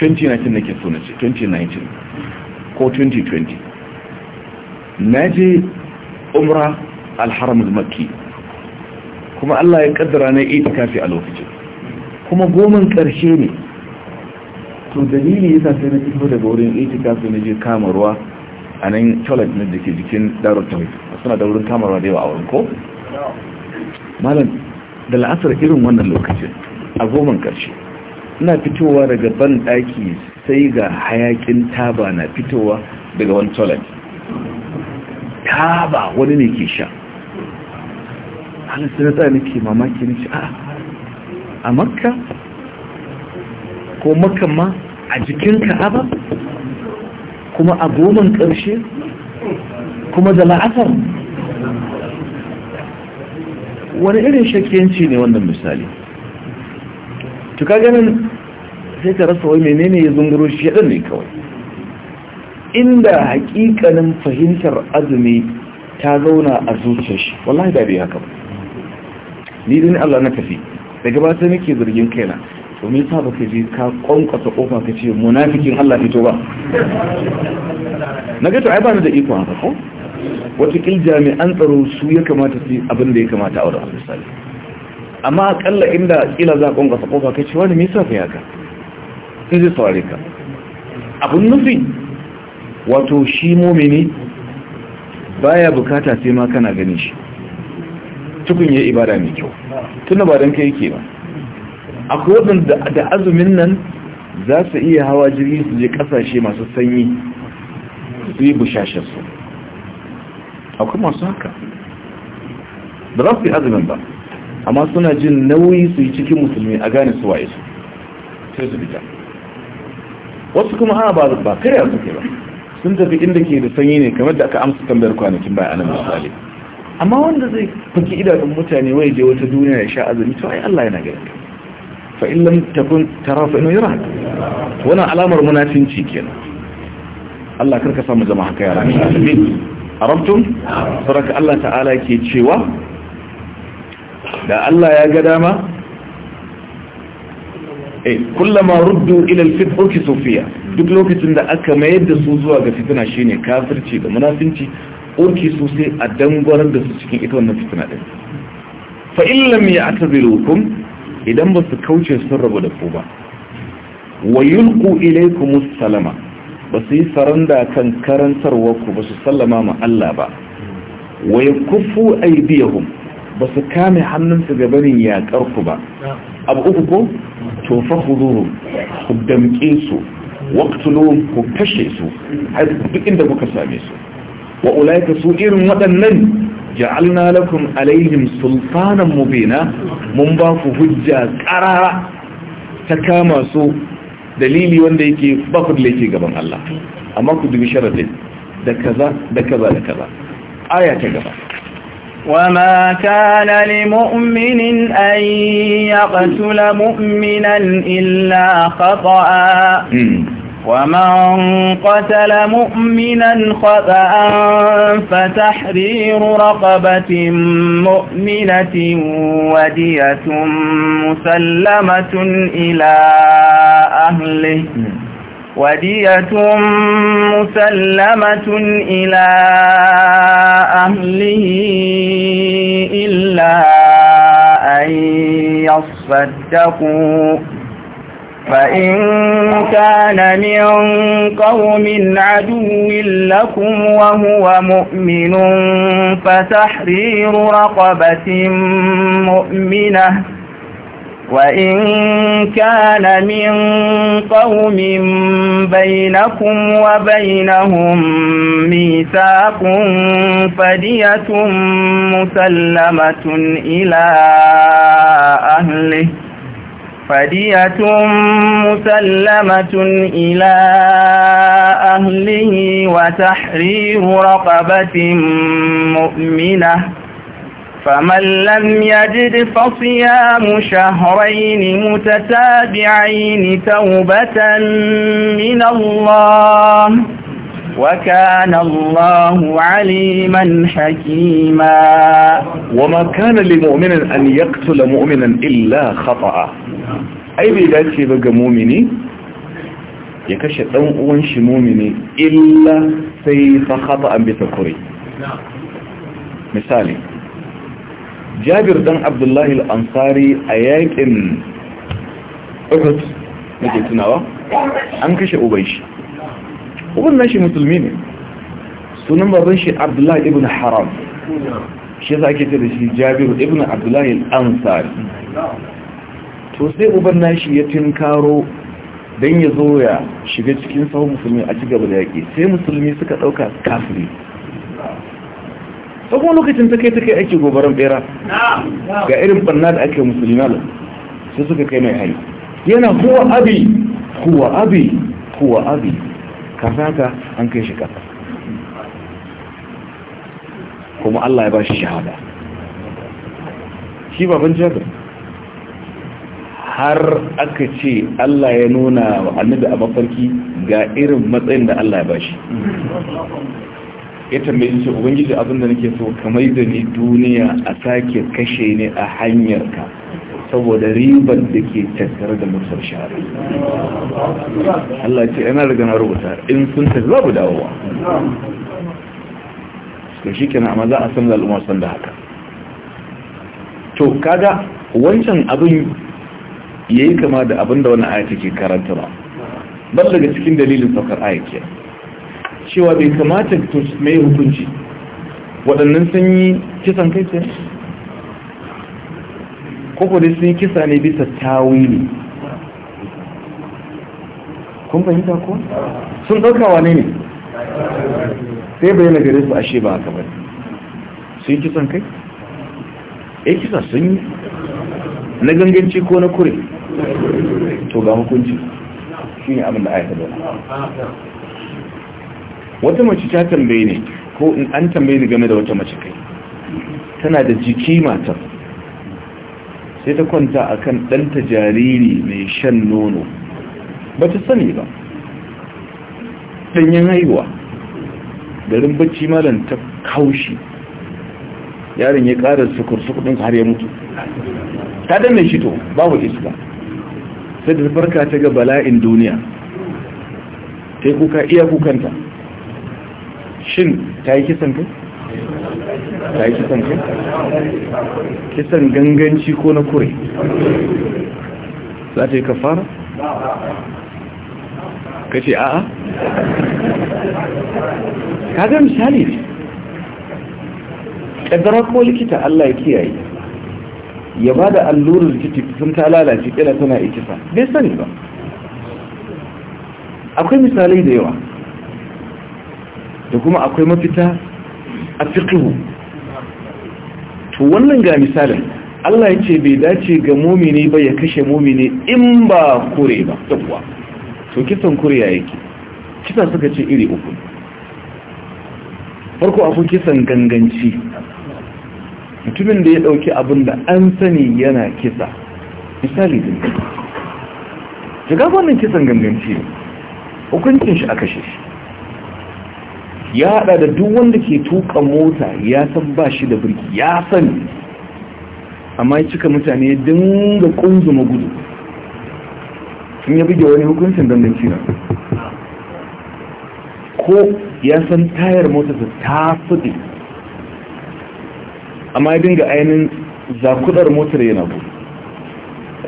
2019 na ke na ce 2019 ko 2020 na je umra alharamun makki kuma Allah ya kaddara na kafi a lokacin kuma goman ƙarshe ne to dalili yasa sai na fito daga wurin itika sai na je kamarwa a nan toilet ne da jikin darar toilet suna da wurin kamarwa da yawa a wurin ko malam da la'asar irin wannan lokacin a goman ƙarshe ina fitowa daga ban ɗaki sai ga hayakin taba na fitowa daga wani toilet taba wani ne ke sha halittar da nake mamaki ne ce a a makka ko makka ma a jikin ka'aba kuma a goman ƙarshe kuma da la'asar wani irin shakiyanci ne wannan misali tuka ganin sai ka rasa wai menene ya zunguro shi yaɗa ne kawai inda hakikanin fahimtar azumi ta zauna a zuciyar shi wallahi da haka ba ni din Allah na tafi daga ba sai muke zargin kaina to me yasa baka je ka kwankwasa kofa ka ce munafikin Allah fito ba na ga to ai ba ni da iko haka ko wata kil jami'an tsaro su ya kamata su abin da ya kamata a wurin misali amma akalla inda kila za kwankwasa kofa ka ce wani me yasa kai haka sai zai saurare ka abun nufi wato shi mumini baya bukata sai ma kana ganin shi tukun ya ibada mai kyau tunda ba don kai ke ba akwai waɗanda da azumin nan za su iya hawa jirgin su je ƙasashe masu sanyi su yi bushashensu. akwai masu haka ba za su yi azumin ba amma suna jin nauyi su yi cikin musulmi a gane su waye su sai su fita wasu kuma ana ba ba kai ya suke ba sun tafi inda ke da sanyi ne kamar da aka amsa tambayar kwanakin baya anan misali amma wanda zai fuki idanun mutane wai je wata duniya ya sha azumi to ai Allah yana gani fa in lam takun tara fa inna yara wannan alamar munafinci kenan Allah karka samu zama haka yara amin arabtum saraka Allah ta'ala ke cewa da Allah ya ga dama eh kullama ruddu ila al-fitr kisofiya duk lokacin da aka mayar da su zuwa ga fitina shine kafirci da munafinci urki sosai a dangwarar da su cikin ita wannan fitina din fa illam ya'tazirukum idan ba su kauce sun rabu da ku ba wa yulqu ilaykum salama ba su yi saranda kan karantarwa ku ba su sallama ma Allah ba wa biya aydiyahum ba su kame hannunsu gabanin yaƙar ku ba abu uku ko to fa ku damƙe su waqtuluhum ku kashe su har duk inda kuka same su wa ulaika su irin waɗannan ja'alna lakum alaihim sultanan mubina mun ba ku hujja qarara ta kama su dalili wanda yake ba ku laifi gaban Allah amma ku dubi sharadin da kaza da kaza da kaza aya ta gaba وما كان لمؤمن أن يقتل مؤمنا إلا خطأ ومن قتل مؤمنا خطأ فتحرير رقبة مؤمنة ودية مسلمة إلى أهله ودية مسلمة إلى أهله إلا أن يصدقوا فإن كان من قوم عدو لكم وهو مؤمن فتحرير رقبة مؤمنة وإن كان من قوم بينكم وبينهم ميثاق فدية مسلمة إلى أهله فدية مسلمة إلى أهله وتحرير رقبة مؤمنة فمن لم يجد فصيام شهرين متتابعين توبة من الله وكان الله عليما حكيما وما كان لمؤمن أن يقتل مؤمنا إلا خطأ أي بذلك بقى مؤمني يكشف شي مؤمني إلا سيف خطأ بتكري مثالي جابر دان عبد الله الأنصاري أياك إن أحد نجي تناوى أنكش أبيش uban nashi musulmi ne sunan baban shi abdullahi ibn haram shi yasa ake ce da shi jabiru ibn abdullahi al-ansari to sai uban nashi ya tinkaro don ya zo ya shiga cikin sahun musulmi a ci gaba da yaƙi sai musulmi suka ɗauka kafiri ta kuma lokacin ta kai ta kai ake gobaran bera ga irin ɓanna da ake musulmi ala sai suka kai mai hari yana huwa abi huwa abi huwa abi kasaka an kai shi kasa kuma Allah ya ba shi shahada shi baban jabir har aka ce Allah ya nuna wa annabi a mafarki ga irin matsayin da Allah ya bashi ya tambayi ce ubangiji abin da nake so kamar da ni duniya a sake kashe ne a hanyar ka saboda ribar da ke tattare da mursal shari'a Allah ce yana daga na rubuta in sun tafi babu dawowa to shi kenan amma za a san da al'umma san da haka to kaga wancan abin ya yi kama da abin da wani ayata ke karanta ba ban daga cikin dalilin saukar ayat cewa bai kamata mai hukunci waɗannan sun yi kisan kai ce koko dai sun kisa ne bisa tawili kun fahimta ko sun ɗauka wane ne sai na gare su ashe ba haka bari sun kisan kai Ya eh, kisa sun yi na ganganci ko na kure to ga hukunci shi ne abin da aya ta wata mace ta tambaye ne ko in an tambaye ni game da wata mace kai tana da jiki matar sai ta kwanta a kan ɗanta jariri mai shan nono ba ta sani ba ɗanyen haihuwa garin bacci malam ta kaushi yaron ya ƙara sukur-sukur har ya mutu ta danne shi to babu iska sai da farka ta ga bala'in duniya ta yi kuka iya kukanta shin ta yi kisan kai ta yi kisan kai kisan ganganci ko na kure za ta yi kafara ka ce a'a ka ga misali ne ƙaddara ko likita allah ya kiyaye ya ba da allurar likita sun ta lalace ƙila tana ikisa bai sani ba akwai misalai da yawa da kuma akwai mafita a fiƙihu to wannan ga misalin Allah ya ce bai dace ga momini ba ya kashe momini in ba kure ba yawwa to kisan kure ya yake kisa suka ce iri uku farko akwai kisan ganganci mutumin da ya ɗauki abin da an sani yana kisa misali din shiga wannan kisan ganganci hukuncin shi a kashe shi ya hada da duk wanda ke tuka mota ya san ba shi da birki ya sani amma ya cika mutane ya dinga kunzuma gudu sun ya buge wani hukuncin dandanci na ko ya san tayar motarsa ta fuɗi amma ya dinga ainihin zakudar motar yana gudu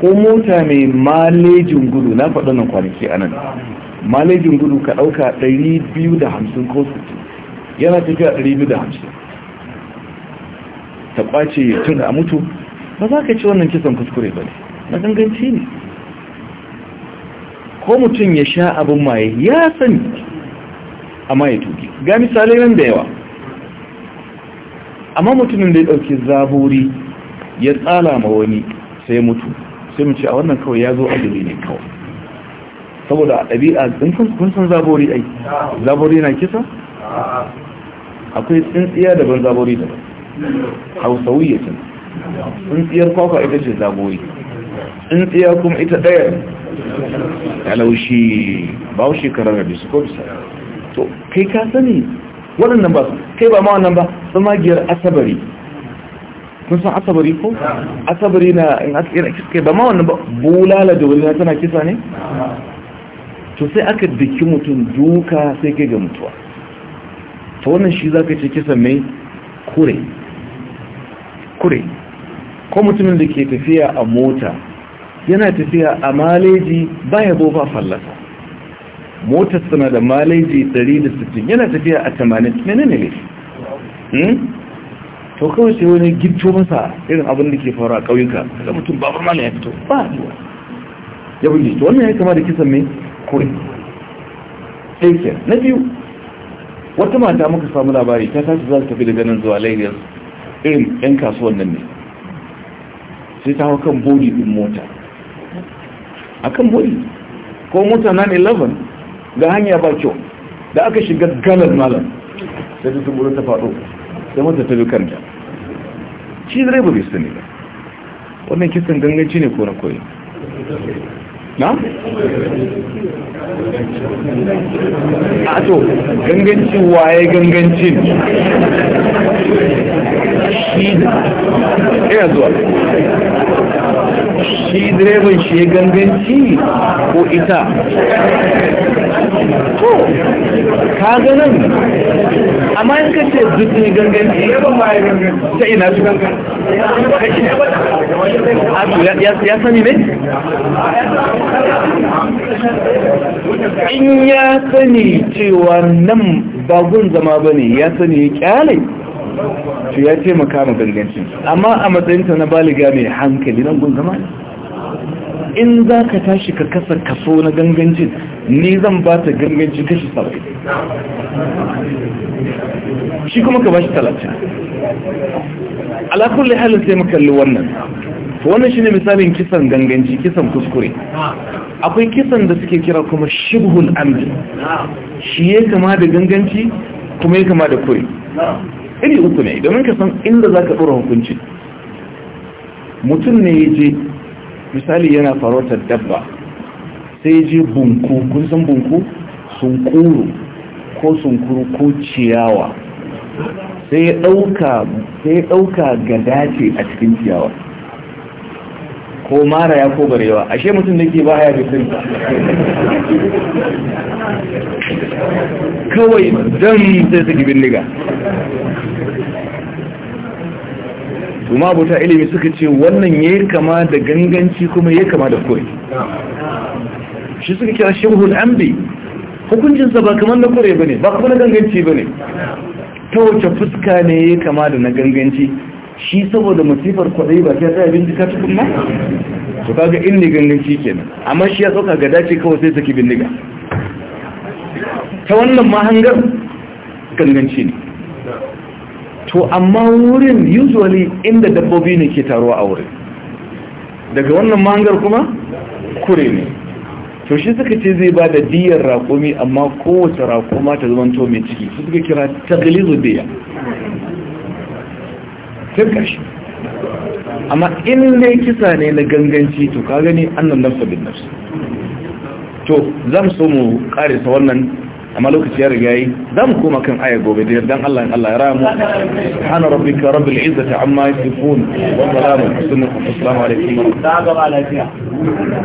ko mota mai malejin gudu na faɗin nan kwanaki a nan malejin gudu ka ɗauka 250 ko yana tafiya 250 ta kwace ya tun a mutu ba za ka ci wannan kisan kuskure ba ne na ganganci ne ko mutum ya sha abin maye ya sani amma ya tuki ga misalai nan da yawa amma mutumin da ya ɗauki zaburi ya tsala ma wani sai mutu sai mu ce a wannan kawai ya zo ajiyar ne kawai saboda a ɗabi'a ɗin kun san zabori ai zabori na kisa akwai tsintsiya daban zabori daban tun tsintsiyar kwakwa ita ce zagori tsintsiya kuma ita ɗaya talaushi ba wa shekarar rabi su ko bisa to kai ka sani waɗannan ba kai ba ma ba ba magiyar asabari kun san asabari ko asabari na in aka kira kai ba ma wannan ba bulala da wani tana kisa ne to sai aka biki mutum duka sai kai ga mutuwa ta wannan shi za ka ce kisan mai kure kure ko mutumin da ke tafiya a mota yana tafiya a maleji ba yabo ba fallasa motar suna da maleji 160 yana tafiya a 80 mene ne hmm? to kawai sai wani gito masa irin abin da ke faru a ƙauyuka ga mutum babar mana ya fito ba a ya bugi to wannan ya kama da kisan mai kure ɗaya na biyu wata mata muka samu labari ta tashi za su tafi da ganin zuwa lagos irin yan kasuwan nan ne sai ta hau kan bodi din mota a kan bodi ko mota 911 ga hanya ba kyau da aka shiga galar malam sai ta tumburin ta faɗo sai mata ta kanta ta. cizirai ba bai sani ba wannan kisan ganganci ne ko na koyi na? a to gangancin waye gangancin shi ya zuwa shi direban shi ya ganganci ko ita ko ka ganin amma in ka ce duk ne ganganci ta ina su ganganci ya sani ne? in ya sani cewa nan ba bagun zama ba ne ya sani ya kyale shi ya ce makama gangancin amma a matsayinta na baliga mai hankali nan gun zama in za ka tashi ka kasa kaso na gangancin ni zan ba ta gangancin kashi saba'in shi kuma ka ba shi talatin alakulli halin sai makalli wannan wannan shi ne misalin kisan ganganci kisan kuskure akwai kisan da suke kira kuma shibhul amri shi ya kama da ganganci kuma ya kama da kure iri uku ne domin ka san inda za ka ɗora hukunci mutum ne ya je misali yana farautar dabba sai ya je bunku kun san bunku sunkuru ko sunkuru ko ciyawa sai ya ɗauka gada ce a cikin ciyawa ko ya ko barewa ashe mutum da ke baya da sun kawai don sai su gibin niga kuma abota ilimi suka ce wannan ya yi kama da ganganci kuma ya kama da kore. shi suka kira shehul ambi hukuncinsa ba kamar na kore ba ne ba kuma na ganganci ba ne ta wace fuska ne ya kama da na ganganci shi saboda masifar kwaɗayi ba sai ta bindiga cikin ma to kaga in ni gangan shi kenan amma shi ya sauka ga dace kawai sai saki bindiga ta wannan mahangar ganganci ne to amma wurin usually inda dabbobi ne ke taruwa a wurin daga wannan mahangar kuma kure ne to shi suka ce zai ba da diyar raƙumi amma kowace raƙuma ta to mai ciki su suka kira taglizu diya sai karshe amma in dai kisa ne na ganganci to ka gani annan nafsa bin nafsa to zan so mu karisa wannan amma lokaci ya riga yi zan koma kan aya gobe da yardan Allah in Allah ya ramu subhana rabbika rabbil izzati amma yasifun wa salamun alaikum wa wa barakatuh